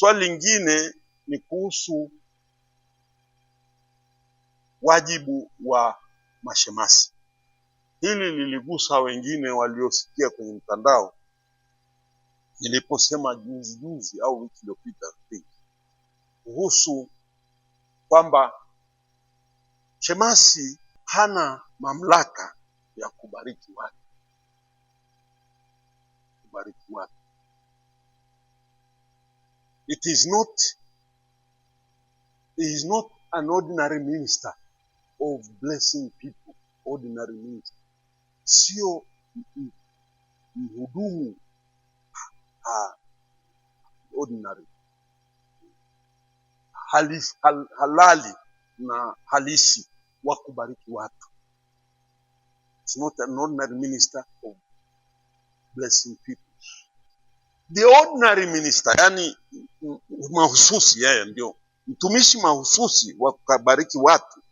Swali lingine ni kuhusu wajibu wa mashemasi. Hili liligusa wengine waliosikia kwenye mtandao niliposema juzi juzi au wiki iliyopita kuhusu kwamba shemasi hana mamlaka ya kubariki watu, kubariki watu It is not, he is not an ordinary minister of blessing people, ordinary minister. Sio mhudumu ha, ordinary halif, hal, halali na halisi wa kubariki watu. It's not an ordinary minister of blessing people the ordinary minister, yani mahususi, yeye ndio mtumishi mahususi wa kubariki watu,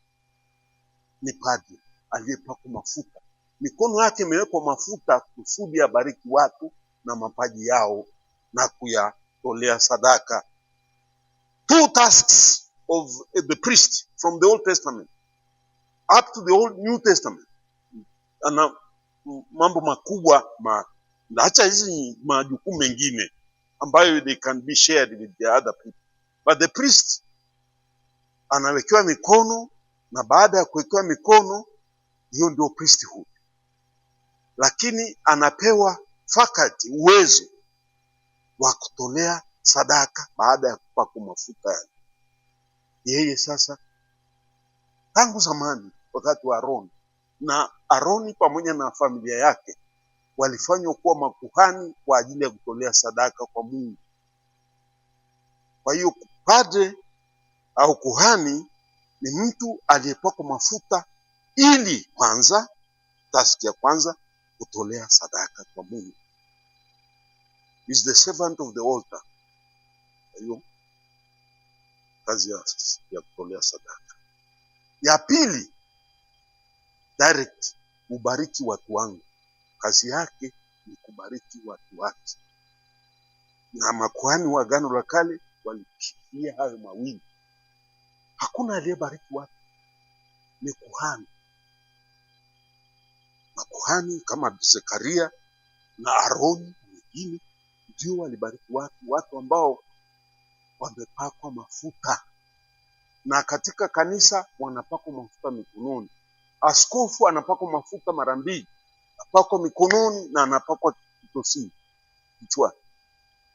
ni padri aliyepakwa mafuta, mikono yake imewekwa mafuta kusudi abariki watu na mapaji yao na kuyatolea sadaka. Two tasks of the priest from the Old Testament up to the Old New Testament, ana mambo makubwa ma na hata hizi majukumu mengine ambayo they can be shared with the other people, but the priest anawekewa mikono, na baada ya kuwekewa mikono hiyo ndio priesthood, lakini anapewa fakati, uwezo wa kutolea sadaka baada ya kupakwa mafuta Yeye sasa tangu zamani wakati wa Aroni na Aroni pamoja na familia yake walifanywa kuwa makuhani kwa ajili ya kutolea sadaka kwa Mungu. Kwa hiyo padre au kuhani ni mtu aliyepakwa mafuta ili kwanza, taski ya kwanza, kutolea sadaka kwa Mungu. Is the servant of the altar. Kwa hiyo kazi ya, ya kutolea sadaka ya pili direct, ubariki watu wangu kazi yake ni kubariki watu wake, na makuhani wa gano la Kale walifikia hayo mawili. Hakuna aliyebariki watu, ni kuhani. Makuhani kama Zekaria na Aroni wengine ndio walibariki watu, watu ambao wamepakwa mafuta na katika kanisa wanapakwa mafuta mikononi. Askofu anapakwa mafuta mara mbili anapakwa mikononi na anapakwa kitosi kichwani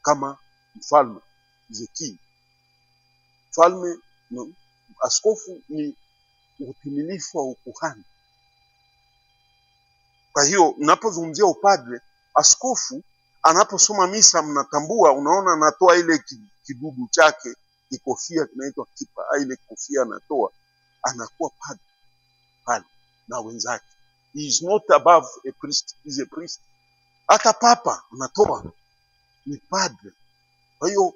kama mfalme Hezekia. Mfalme no, askofu ni utimilifu wa ukuhani. Kwa hiyo mnapozungumzia upadre, askofu anaposoma misa, mnatambua, unaona anatoa ile kidudu chake, kikofia kinaitwa kipa, ile kofia anatoa, anakuwa padre pale na wenzake is not above a priest, is a priest. Hata papa unatoa ni padre. Kwa hiyo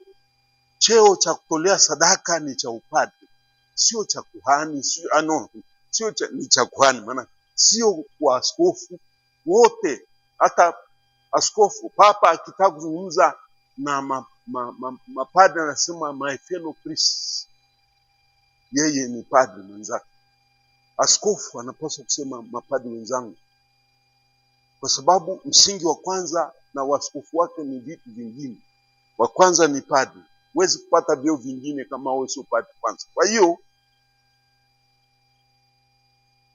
cheo cha kutolea sadaka ni cha upadre, sio cha kuhani, sio ano, ah, sio cha, ni cha kuhani, maana sio kwa askofu wote. Hata askofu papa akitaka kuzungumza na mapadre ma, ma, ma anasema my fellow priests, yeye ni padre mwenzake. Askofu anapaswa kusema mapadi wenzangu, kwa sababu msingi wa kwanza na waskofu wake ni vitu vingine. Wa kwanza ni padi. Huwezi kupata vyo vingine kama wewe sio padi kwanza. Kwa hiyo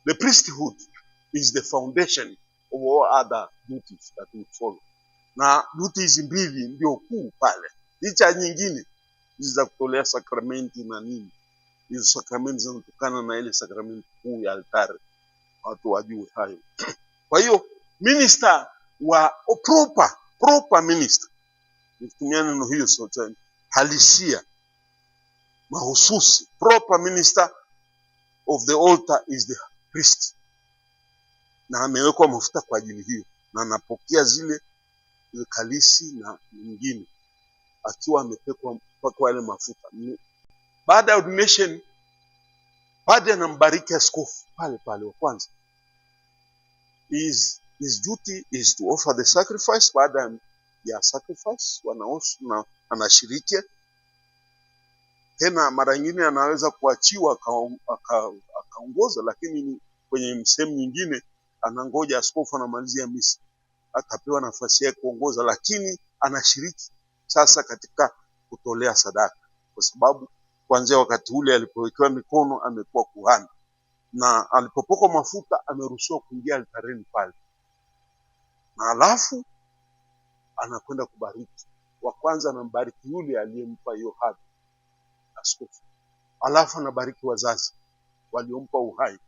the priesthood is the foundation of all other duties that we follow, na duty hizi mbili ndio kuu pale, licha nyingine hizi za kutolea sakramenti na nini hizi sakramenti zinatokana na ile sakramenti kuu ya altari, watu wajue hayo. Kwa hiyo minister wa oh, proper proper minister, nitumia neno hiyo sote, halisia mahususi. Proper minister of the altar is the priest, na amewekwa mafuta kwa ajili hiyo, na anapokea zile kalisi na mingine akiwa amepekwa mpaka yale mafuta. Baada ya ordination, padre anambariki askofu pale pale wa kwanza. His, his duty is to offer the sacrifice. Baada ya sacrifice na anashiriki tena, mara nyingine anaweza kuachiwa akaongoza, lakini kwenye sehemu nyingine anangoja askofu anamalizia misi akapewa nafasi ya kuongoza, lakini anashiriki sasa katika kutolea sadaka kwa sababu kuanzia wakati ule alipowekewa mikono amekuwa kuhani, na alipopokwa mafuta ameruhusiwa kuingia altareni pale, na alafu anakwenda kubariki. Wa kwanza anambariki yule aliyempa hiyo hadhi, askofu, alafu anabariki wazazi waliompa uhai.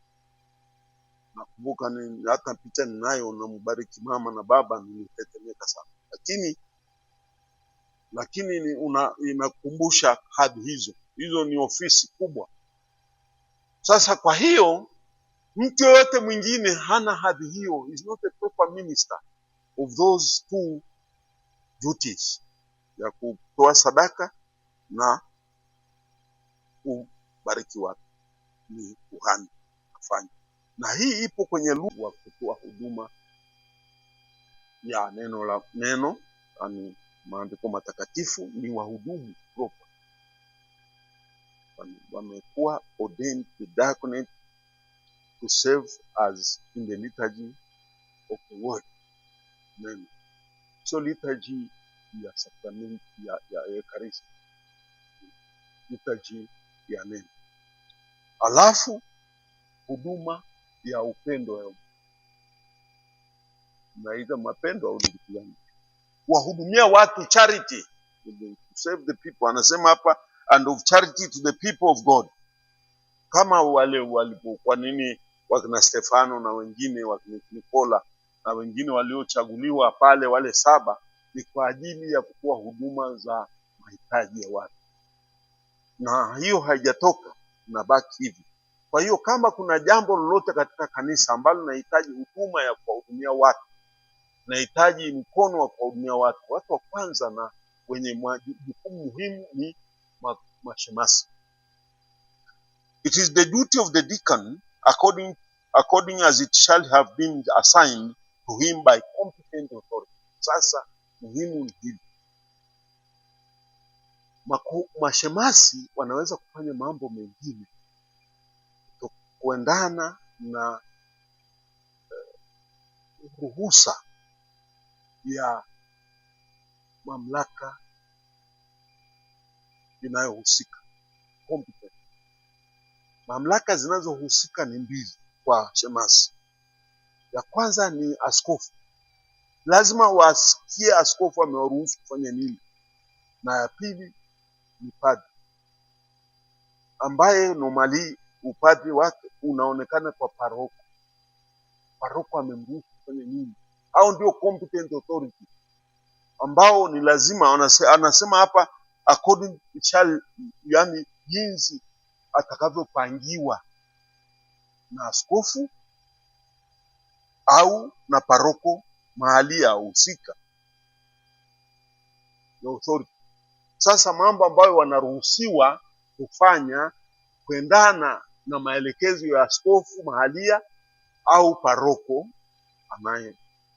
Nakumbuka ni hata picha ninayo, nambariki mama na baba, nilitetemeka sana, lakini lakini inakumbusha hadhi hizo hizo ni ofisi kubwa. Sasa kwa hiyo mtu yoyote mwingine hana hadhi hiyo, is not a proper minister of those two duties, ya kutoa sadaka na kubariki watu, ni kuhani afanye. na hii ipo kwenye lugha kutoa huduma ya neno la neno, yani maandiko matakatifu, ni wahudumu wamekuwa ordained to diaconate to serve as in the liturgy of the word. Amen. So liturgy ya sacrament ya, ya Ekaristi, liturgy ya neno, alafu huduma ya upendo ya naita mapendo au wahudumia watu charity to serve the people, anasema hapa and of charity to the people of God, kama wale kwa nini, wakina Stefano na wengine wakina Nikola na wengine waliochaguliwa pale, wale saba, ni kwa ajili ya kutoa huduma za mahitaji ya watu, na hiyo haijatoka na baki hivi. Kwa hiyo kama kuna jambo lolote katika kanisa ambalo linahitaji huduma ya kuwahudumia watu, nahitaji mkono wa kuwahudumia watu, watu wa kwanza na wenye jukumu muhimu ni mashemasi It is the duty of the deacon, according, according as it shall have been assigned to him by competent authority. Sasa muhimu ni hili, mashemasi wanaweza kufanya mambo mengine kuendana na eh, ruhusa ya mamlaka inayohusika competent. Mamlaka zinazohusika ni mbili kwa shemasi. Ya kwanza ni askofu, lazima wasikie askofu amewaruhusu kufanya nini, na ya pili ni padri, ambaye nomali upadri wake unaonekana kwa paroko. Paroko amemruhusu kufanya nini? Au ndio competent authority ambao ni lazima anasema hapa according shall, yani jinsi atakavyopangiwa na askofu au na paroko mahali ya husika ya authority. Sasa mambo ambayo wanaruhusiwa kufanya kuendana na maelekezo ya askofu mahalia au paroko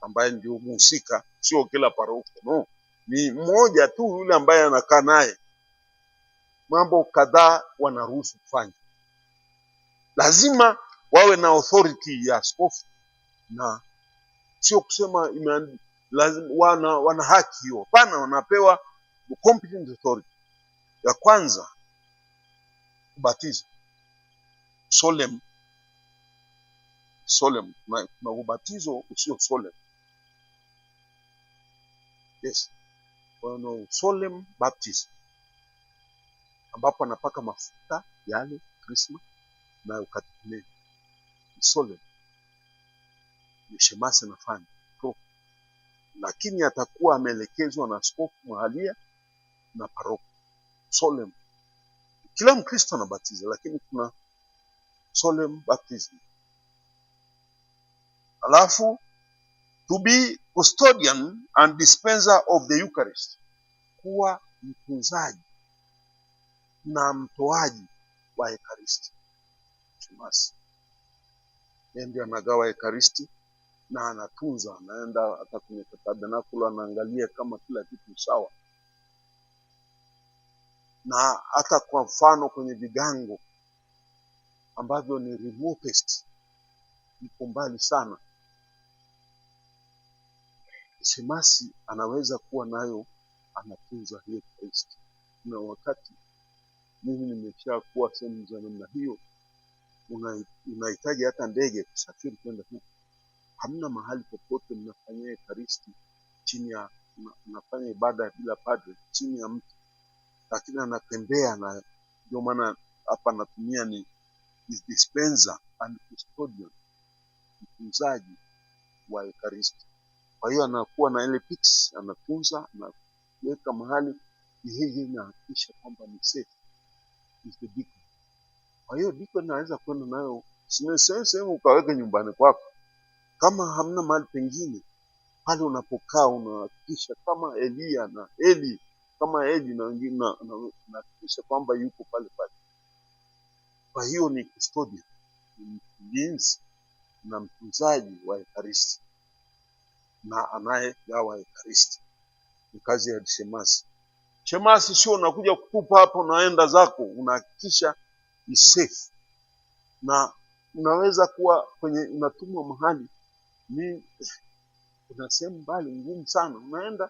ambaye ndio muhusika, sio kila paroko no ni mmoja tu yule ambaye anakaa naye, mambo kadhaa wanaruhusu kufanya. Lazima wawe na authority ya askofu, na sio kusema lazima wana, wana haki hiyo. Hapana, wanapewa competent authority. Ya kwanza kubatiza solemn, solemn na, na ubatizo usio solemn. Yes kwenye Solemn baptism ambapo anapaka mafuta yale krisma na ukatekumeni Solemn ni shemasi anafanya lakini atakuwa ameelekezwa na skofu mahalia na paroko. Solemn kila Mkristo anabatiza, lakini kuna solemn baptism alafu to be custodian and dispenser of the Eucharist, kuwa mtunzaji na mtoaji wa Ekaristi. Shemasi ndio anagawa Ekaristi na anatunza, anaenda hata kwenye tabernakulo anaangalia kama kila kitu sawa, na hata kwa mfano kwenye vigango ambavyo ni remotest, iko mbali sana Shemasi anaweza kuwa nayo anatunza hiyo Kristo. Kuna wakati mimi nimesha kuwa sehemu za namna hiyo, unahitaji hata ndege kusafiri kwenda huko, hamna mahali popote mnafanyia ekaristi chini ya unafanya ibada bila padre chini ya mtu, lakini anatembea na ndio maana hapa anatumia ni dispenser and custodian, mtunzaji wa ekaristi. Kwa hiyo anakuwa na ile pics, anatunza anaweka mahali, yeye inahakikisha kwamba ni safe is the beacon. Kwa hiyo beacon naweza kwenda nayo sehemu ukaweka nyumbani kwako, kama hamna mahali pengine, pale unapokaa unahakikisha kama Elia na Eli kama Eli na wengine, unahakikisha kwamba yuko pale pale. Kwa hiyo ni custodian ni mlinzi na mtunzaji wa Ekaristi na anayegawa Ekaristi. Ni kazi ya shemasi. Shemasi sio unakuja kutupa hapo, unaenda zako, unahakikisha ni safe na unaweza kuwa kwenye unatumwa mahali ni kuna sehemu mbali ngumu sana, unaenda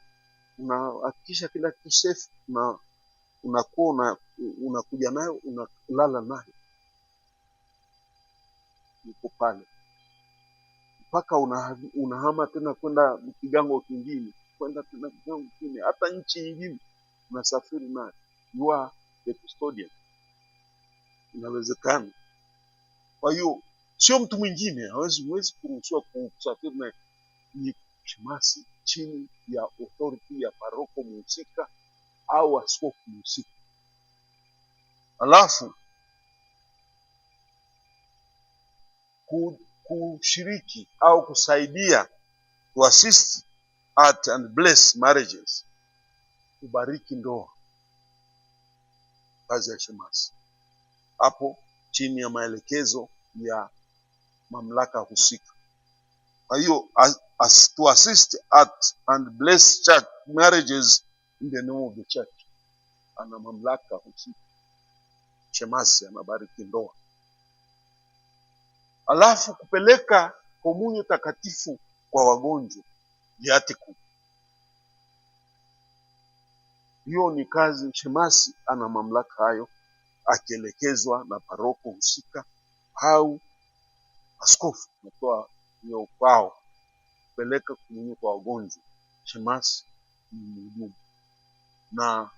unahakikisha kila kitu safe, na unakuwa una, unakuja nayo unalala nayo, uko pale mpaka unahama tena kwenda kigango kingine, kwenda tena kigango kingine, hata nchi nyingine unasafiri na You are the custodian, inawezekana. Kwa hiyo sio mtu mwingine, hawezi huwezi kuruhusiwa kusafiri na ni kimasi chini ya authority ya paroko muhusika au askofu muhusika. Alafu kushiriki au kusaidia to assist at and bless marriages, kubariki ndoa, kazi ya shemasi hapo chini ya maelekezo ya mamlaka husika. Kwa hiyo as, to assist at and bless church marriages in the name of the church, ana mamlaka husika. Shemasi anabariki ndoa alafu kupeleka komunyo takatifu kwa wagonjwa ni Hiyo ni kazi, shemasi ana mamlaka hayo, akielekezwa na paroko husika au askofu natoa hiyo kwao kupeleka komunyo kwa wagonjwa. Shemasi ni mhudumu, na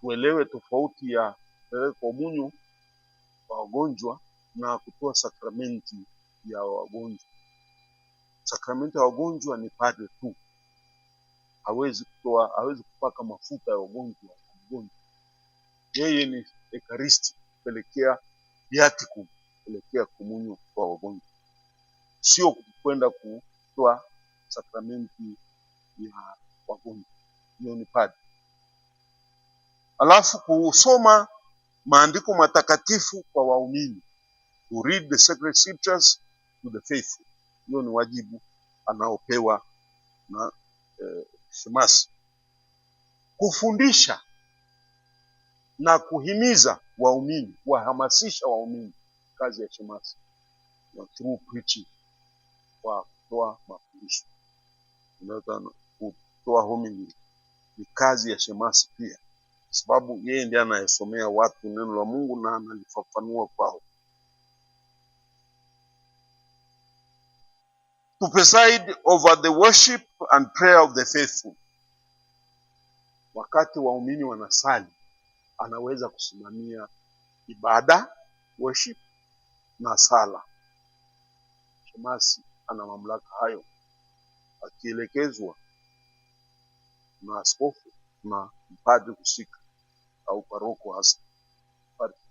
tuelewe tofauti ya kupeleka komunyo kwa wagonjwa na kutoa sakramenti ya wagonjwa. Sakramenti ya wagonjwa ni padre tu, hawezi kutoa, hawezi kupaka mafuta ya wagonjwa kwa mgonjwa. Yeye ni ekaristi, kupelekea viatikum, kupelekea komunyo kwa wagonjwa, sio kwenda kutoa sakramenti ya wagonjwa. Hiyo ni padre. Alafu kusoma maandiko matakatifu kwa waumini to read the sacred scriptures to the faithful. Hiyo ni wajibu anaopewa na eh, shemasi. Kufundisha na kuhimiza waumini, kuwahamasisha waumini, kazi ya shemasi na through preaching, kwa kutoa mafundisho, unaweza kutoa homili ni kazi ya shemasi pia, kwa sababu yeye ndiye anayesomea watu neno la Mungu na analifafanua kwao. to preside over the worship and prayer of the faithful. Wakati waumini wanasali, anaweza kusimamia ibada worship na sala. Shemasi ana mamlaka hayo, akielekezwa na askofu na mpadri husika au paroko hasa paroko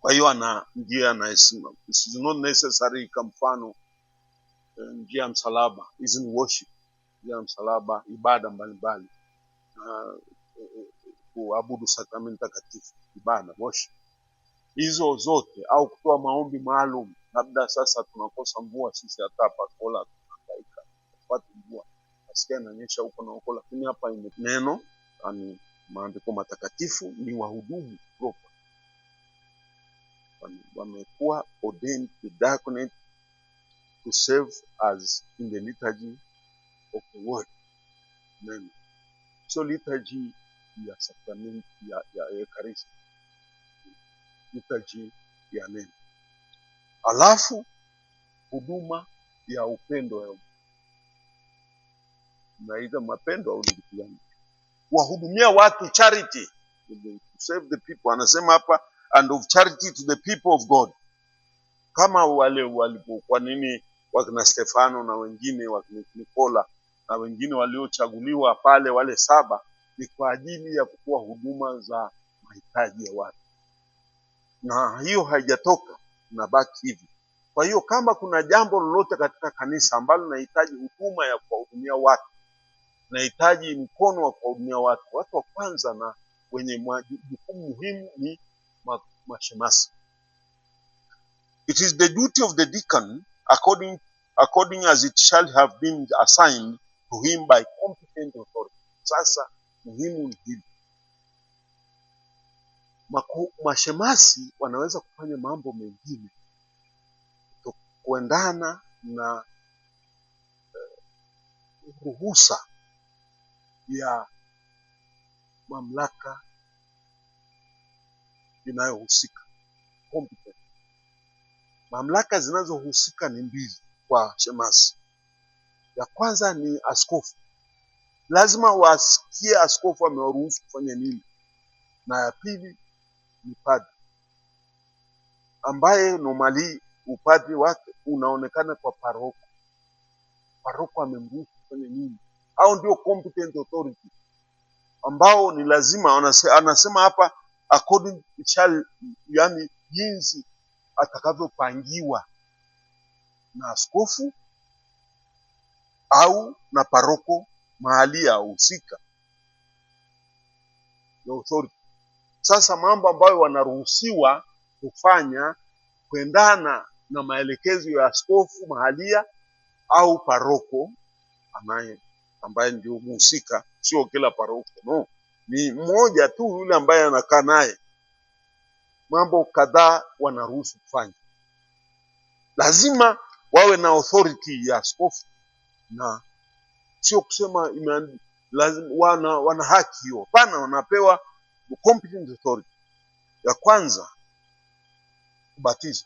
kwa hiyo ana njia anayesimama, is not necessary kwa mfano eh, njia ya msalaba, hizi ni worship, njia ya msalaba, ibada mbalimbali eh, eh, Kuabudu sakramenti takatifu, ibada worship hizo zote, au kutoa maombi maalum. Labda sasa tunakosa mvua sisi, hata hapa Kola tunahangaika mvua, asikia inanyesha huko na huko, lakini hapa neno, ani maandiko matakatifu ni wahudumu proper wamekuwa ordained to diaconate to serve as in the liturgy of the word. Amen. So liturgy ya sakramenti ya, ya Eucharist. liturgy ya neno, alafu huduma ya upendo ya naita mapendo au wahudumia watu charity to serve the people, anasema hapa and of charity to the people of God, kama wale walipo. Kwa nini wakina Stefano na wengine wakina Nikola na wengine waliochaguliwa pale, wale saba, ni kwa ajili ya kutoa huduma za mahitaji ya watu, na hiyo haijatoka baki hivi. Kwa hiyo kama kuna jambo lolote katika kanisa ambalo linahitaji huduma ya kuwahudumia watu, nahitaji mkono wa kuwahudumia watu, watu wa kwanza na wenye jukumu muhimu ni Mashemasi. It is the duty of the deacon, according, according as it shall have been assigned to him by competent authority. Sasa muhimu ni hili, mashemasi wanaweza kufanya mambo mengine kuendana na eh, ruhusa ya mamlaka inayohusika competent. Mamlaka zinazohusika ni mbili kwa shemasi. Ya kwanza ni askofu, lazima wasikie askofu amewaruhusu kufanya nini, na ya pili ni padri, ambaye nomali upadri wake unaonekana kwa paroko. Paroko amemruhusu kufanya nini? Hao ndio competent authority ambao ni lazima anasema hapa according shall, yani jinsi atakavyopangiwa na askofu au na paroko mahali ya husika ya authority. Sasa mambo ambayo wanaruhusiwa kufanya kuendana na maelekezo ya askofu mahalia au paroko ambaye ndio muhusika, sio kila paroko no ni mmoja tu yule ambaye anakaa naye. Mambo kadhaa wanaruhusu kufanya, lazima wawe na authority ya askofu, na sio kusema lazima wana, wana haki hiyo. pana wanapewa competent authority. Ya kwanza kubatiza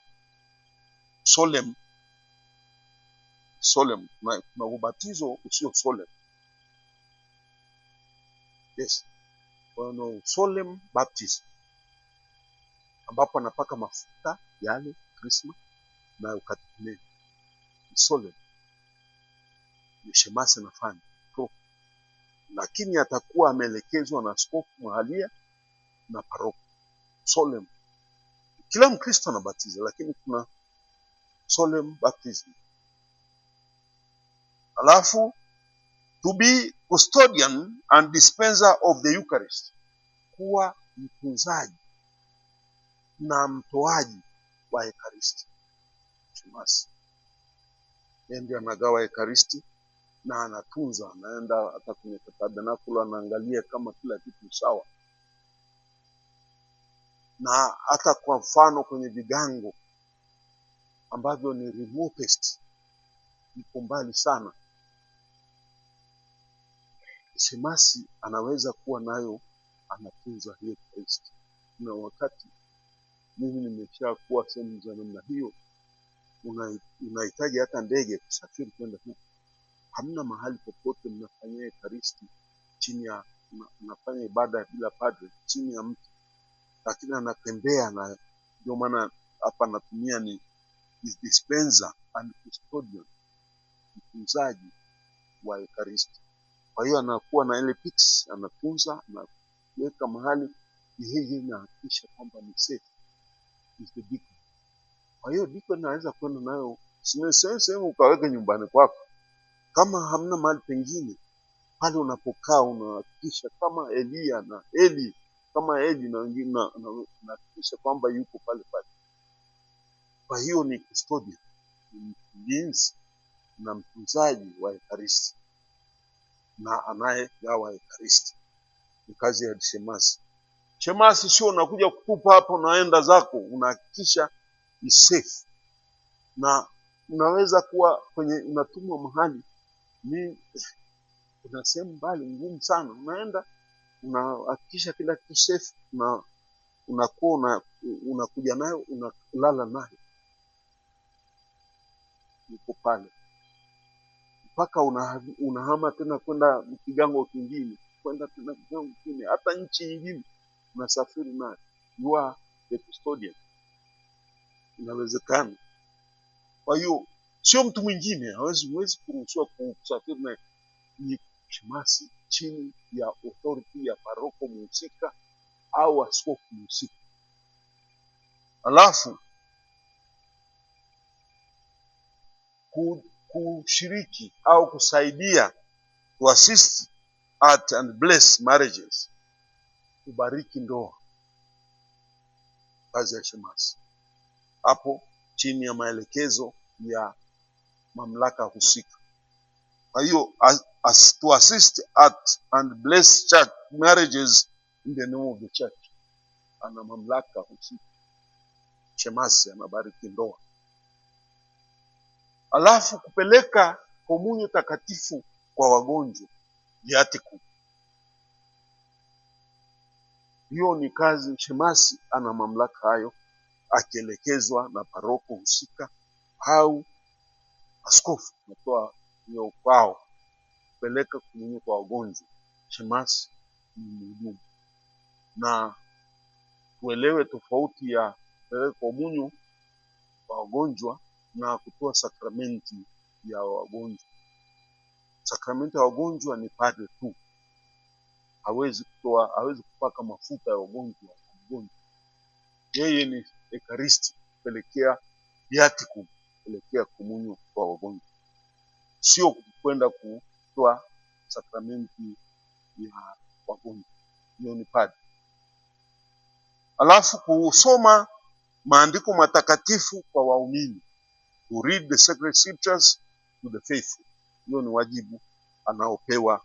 solemn, solemn na ubatizo usio solemn. Yes mfano Solemn baptism ambapo anapaka mafuta yale yaani krisma na ukatekumeni. Solemn ni shemasi anafanya lakini atakuwa ameelekezwa na skofu mahalia na paroko. solem kila Mkristo anabatiza, lakini kuna solemn baptism. Alafu to be custodian and dispenser of the Eucharist, kuwa mtunzaji na mtoaji wa Ekaristi. Shemasi yeye ndiye anagawa Ekaristi na anatunza, anaenda hata kwenye tabernakulo, anaangalia kama kila kitu sawa, na hata kwa mfano kwenye vigango ambavyo ni remotest, iko mbali sana Shemasi anaweza kuwa nayo anafunza hiyo Kristo. Kuna wakati mimi nimesha kuwa sehemu za namna hiyo, unahitaji hata ndege kusafiri kwenda huko. Hamna mahali popote mnafanya ekaristi chini ya mnafanya ibada bila padre chini ya mtu, lakini anatembea na ndio maana hapa anatumia ni is dispenser and custodian, mtunzaji wa ekaristi. Kwa hiyo anakuwa na ile pics, anatunza, kuweka mahali yeye inahakikisha kwamba ni safe is the beacon. Kwa hiyo beacon naweza kwenda nayo sehemu ukaweke nyumbani kwako, kama hamna mahali pengine, pale unapokaa unahakikisha kama Elia na Eli kama Eli na unahakikisha kwamba yuko pale pale. Kwa hiyo ni custodian, ni mlinzi na mtunzaji wa Ekaristi na anayegawa Ekaristi. Ni kazi ya shemasi. Shemasi sio unakuja kutupa hapo, unaenda zako, unahakikisha ni safe, na unaweza kuwa kwenye unatumwa mahali ni kuna sehemu mbali ngumu sana, unaenda unahakikisha kila kitu safe, na unakuwa una, unakuja nayo unalala nayo, yuko pale mpaka unahama tena kwenda kigango kingine, kwenda tena kigango kingine, hata nchi nyingine unasafiri na You are the custodian, inawezekana. Kwa hiyo sio mtu mwingine, hawezi huwezi kuruhusiwa kusafiri naye, ni kimasi chini ya authority ya paroko muhusika au askofu muhusika. Alafu kushiriki au kusaidia to assist at and bless marriages, kubariki ndoa, kazi ya shemasi hapo chini ya maelekezo ya mamlaka husika. Kwa hiyo as, as, to assist at and bless church marriages in the name of the church, ana mamlaka husika, shemasi anabariki ndoa alafu kupeleka komunyo takatifu kwa wagonjwa viatiku. Hiyo ni kazi, shemasi ana mamlaka hayo, akielekezwa na paroko husika au askofu natoa hiyo kwao kupeleka komunyo kwa wagonjwa. Shemasi ni mhudumu, na tuelewe tofauti ya kupeleka komunyo kwa wagonjwa na kutoa sakramenti ya wagonjwa. Sakramenti ya wagonjwa ni padre tu, hawezi kutoa, hawezi kupaka mafuta ya wagonjwa na mgonjwa. Yeye ni ekaristi, kupelekea viatiku, kupelekea komunyo kwa wagonjwa, sio kwenda kutoa sakramenti ya wagonjwa. Hiyo ni padre. Alafu kusoma maandiko matakatifu kwa waumini to read the sacred scriptures to the faithful. Hiyo ni wajibu anaopewa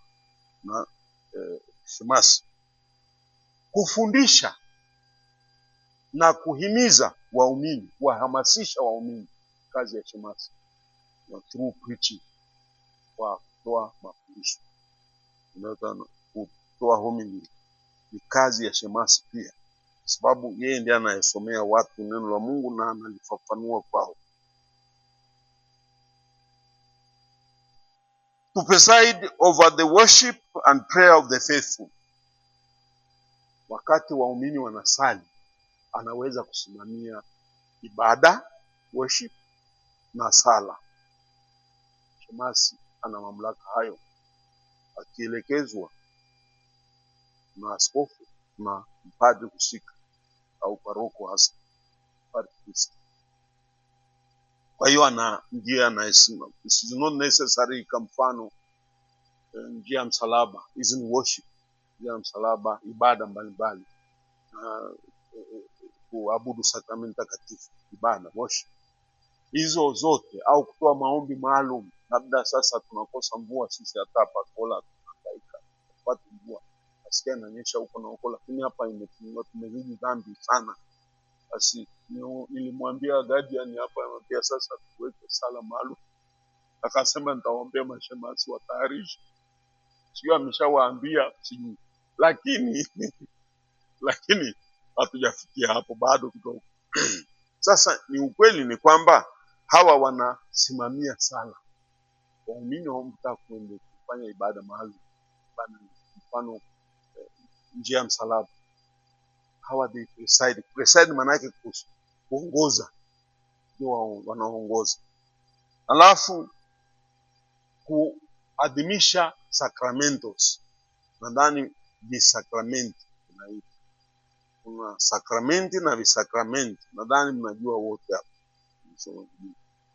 na eh, shemasi. Kufundisha na kuhimiza waumini, kuwahamasisha waumini, kazi ya shemasi na through preaching, kwa kutoa mafundisho, kutoa homili ni kazi ya shemasi pia, kwa sababu yeye ndiye anayesomea watu neno la Mungu na analifafanua kwao. to preside over the worship and prayer of the faithful. Wakati waumini wanasali, anaweza kusimamia ibada, worship na sala. Shemasi ana mamlaka hayo, akielekezwa na askofu na mpadri husika au paroko hasa. Kwa hiyo ana njia anayesimama, not necessary kwa mfano eh, njia ya msalaba, isn't worship, njia ya msalaba, ibada mbalimbali na eh, eh, kuabudu sakramenti takatifu, ibada worship hizo zote, au kutoa maombi maalum. Labda sasa tunakosa mvua sisi, hata hapa Kola tunahangaika mvua, askia inaonyesha huko na huko, lakini hapa imetumiwa, tumezidi dhambi sana basi nilimwambia Guardian hapa, anambia sasa tuweke sala maalum. Akasema nitaombea mashemasi watayarishe, sijui ameshawaambia sijui, lakini lakini hatujafikia hapo bado kidogo. Sasa ni ukweli ni kwamba hawa wanasimamia sala, waumini wamtaka kuende kufanya ibada maalum, mfano eh, njia ya msalaba hawa they preside. Preside maana yake kuongoza, ndio wanaongoza. Alafu kuadhimisha sacramentos, nadhani visakramenti tunaita, kuna sakramenti na visakramenti, nadhani mnajua wote hapo.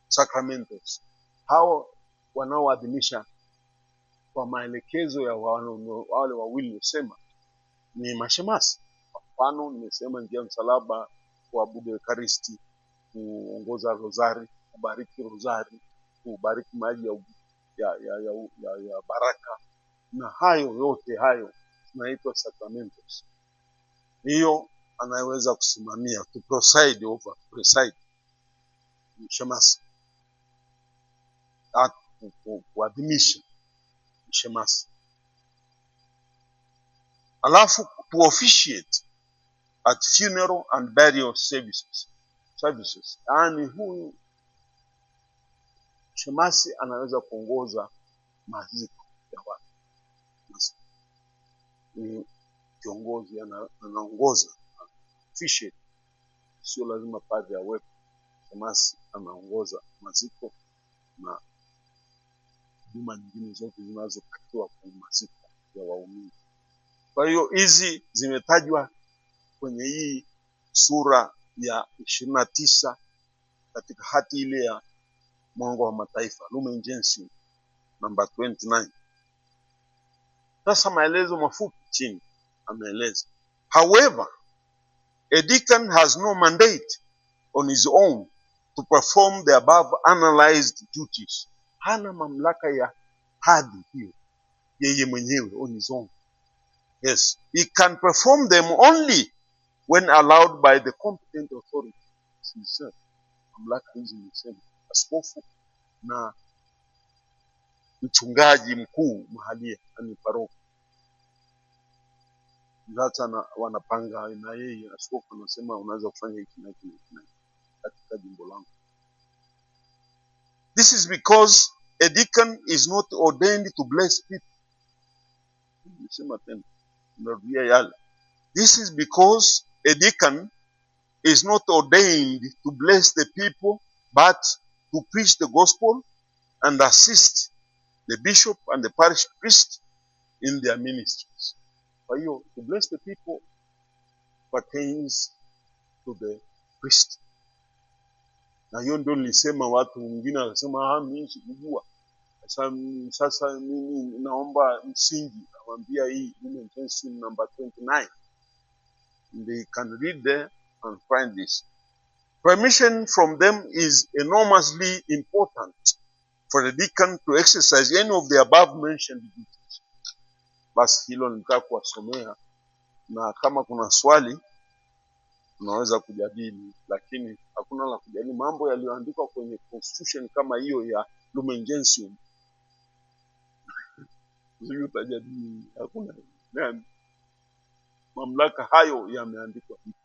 Sacramentos hao wanaoadhimisha kwa maelekezo ya wale wawili wasema ni mashemasi Mfano, nimesema njia ya msalaba, kuabudu Ekaristi, kuongoza rozari, kubariki rozari, kubariki maji ya, ya, ya, ya, ya, ya baraka, na hayo yote hayo tunaitwa sacramentos. Hiyo anayeweza kusimamia to preside over, preside mshemasi kuadhimisha mshemasi, alafu to officiate at funeral and burial services. services. Yaani huyu shemasi anaweza kuongoza maziko ya watu, ni kiongozi, anaongoza official, sio lazima padri awepo. Shemasi anaongoza maziko na huduma nyingine zote zinazotakiwa kwa maziko ya waumini. Kwa hiyo hizi zimetajwa kwenye hii sura ya ishirini na tisa katika hati ile ya Mwongo wa Mataifa, Lumen Gentium namba 29. Sasa maelezo mafupi chini ameeleza, however a deacon has no mandate on his own to perform the above analyzed duties. Hana mamlaka ya hadhi hiyo yeye mwenyewe on his own. Yes, he can perform them only when allowed by the competent authority sincere mamlaka hizi nimesema askofu na mchungaji mkuu mahalia, yani paroko sasa na wanapanga na yeye askofu anasema unaweza kufanya hiki na hiki na hiki katika jimbo langu. This is because a deacon is not ordained to bless people. Nimesema tena, narudia yale. This is because a deacon is not ordained to bless the people, but to preach the gospel and assist the bishop and the parish priest in their ministries. Kwa hiyo to bless the people pertains to the priest. Na hiyo ndio nilisema, watu wengine wanasema ah, mimi sikujua. Sasa sasa mimi naomba msingi, namwambia hii namba 29 They can read there and find this. Permission from them is enormously important for the deacon to exercise any of the above mentioned duties. Basi hilo nilitaka kuwasomea, na kama kuna swali tunaweza kujadili, lakini hakuna la kujadili. Mambo yaliyoandikwa kwenye constitution kama hiyo ya Lumen Gentium sijui utajadili, hakuna mamlaka hayo yameandikwa hivi